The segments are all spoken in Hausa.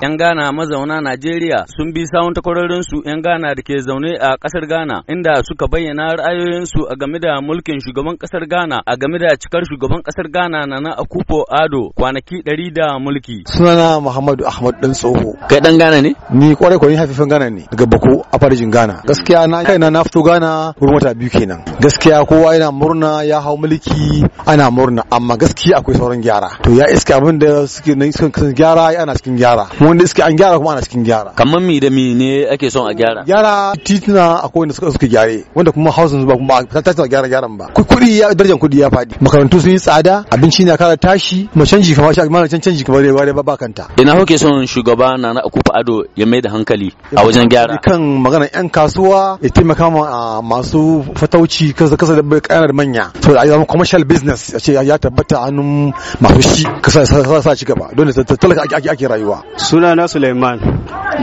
'Yan Ghana mazauna Najeriya sun bi sawun takwarorinsu 'yan Ghana da ke zaune a ƙasar Ghana inda suka bayyana ra'ayoyinsu a game da mulkin shugaban ƙasar Ghana a game da cikar shugaban ƙasar Ghana Nana Akufo Ado kwanaki ɗari da mulki. Sunana Muhammadu Ahmad Dan Tsoho. Kai ɗan Ghana ne? Ni kwarai kwarai haifafin Ghana ne daga Bako a farjin Ghana. Gaskiya na kaina na fito Ghana wurin biyu kenan. Gaskiya kowa yana murna ya hau mulki ana murna amma gaskiya akwai sauran gyara. To ya iska abin da suke nan sukan gyara ana cikin gyara. mun da suke an gyara kuma ana cikin gyara kamar mi da mi ne ake son a gyara gyara titina akwai wanda suka suka gyare wanda kuma hausin ba kuma ta tattauna gyara gyaran ba kuɗi ya darajar kuɗi ya faɗi makarantu sun yi tsada abinci na kara tashi mu canji kamar shi mana can canji kamar bare ba kanta ina hoke son shugaba na na akufa ado ya mai da hankali a wajen gyara kan magana yan kasuwa ya taimaka ma masu fatauci kasa kasa da kana da manya to a zama commercial business ya ce ya tabbata hannun masu shi kasa sa ci gaba dole talaka ake rayuwa su sunana Suleiman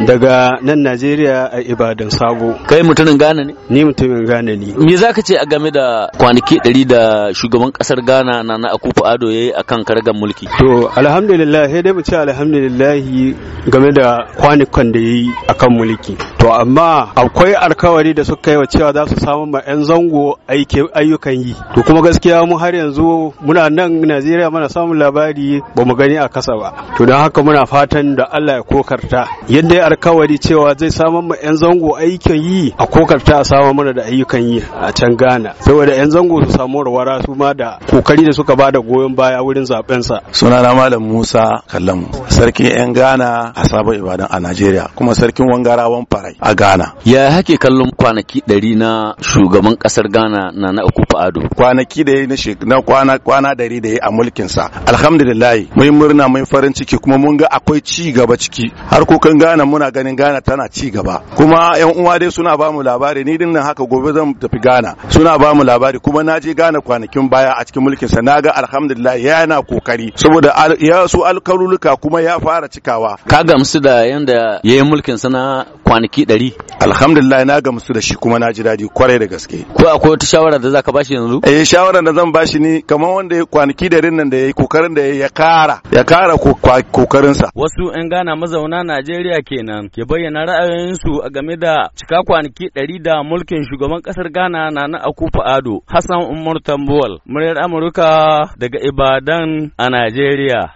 daga nan Najeriya a Ibadan Sabo. Kai mutumin Ghana ne? Ni mutumin Ghana ne. Me za ka ce a game da kwanaki ɗari da shugaban ƙasar Ghana na Akufu Ado ya yi a kan karagar mulki? To alhamdulillah sai dai mu ce alhamdulillah game da kwanukan da ya yi a kan mulki. To amma akwai alkawari da suka yi wa cewa za su samu ma 'yan zango ayyukan yi. To kuma gaskiya mu har yanzu muna nan Najeriya mana samun labari ba mu gani a kasa ba. To don haka muna fatan da Allah ya kokarta. Yadda alkawari cewa zai samar ma 'yan zango aikin yi a kokar a samar mana da ayyukan yi a can Ghana saboda 'yan zango su samu warwara su ma da kokari da suka bada goyon baya wurin zaben sa sunana malam Musa Kallamu sarkin 'yan Ghana a sabon Ibadan a Najeriya kuma sarkin wangarawan farai a gana. ya hake kallon kwanaki 100 na shugaban kasar gana na na Akufo Addo kwanaki da yayi na kwana kwana 100 da yi a mulkin sa alhamdulillah mun murna mun farin ciki kuma mun ga akwai ci gaba ciki har kokan Ghana muna ganin Ghana tana ci gaba kuma yan uwa dai suna ba mu labari ni din nan haka gobe zan tafi Ghana suna ba mu labari kuma na je Ghana kwanakin baya a cikin mulkin sa naga alhamdulillah yana kokari saboda ya su alkaruluka kuma ya fara cikawa ka gamsu da yanda yayin mulkin sa na kwanaki ɗari. alhamdulillah na gamsu da shi kuma na ji daɗi kwarai da gaske ko akwai wata shawara da zaka bashi yanzu eh shawara da zan bashi ni kamar wanda ya kwanaki da nan da kokarin da ya kara ya kara kokarin wasu ƴan Ghana mazauna Najeriya kenan ke bayyana ra'ayoyinsu a game da cika kwanaki ɗari da mulkin shugaban ƙasar Ghana na Akufo Ado Hassan Umar Tambuwal muryar Amurka daga Ibadan a Najeriya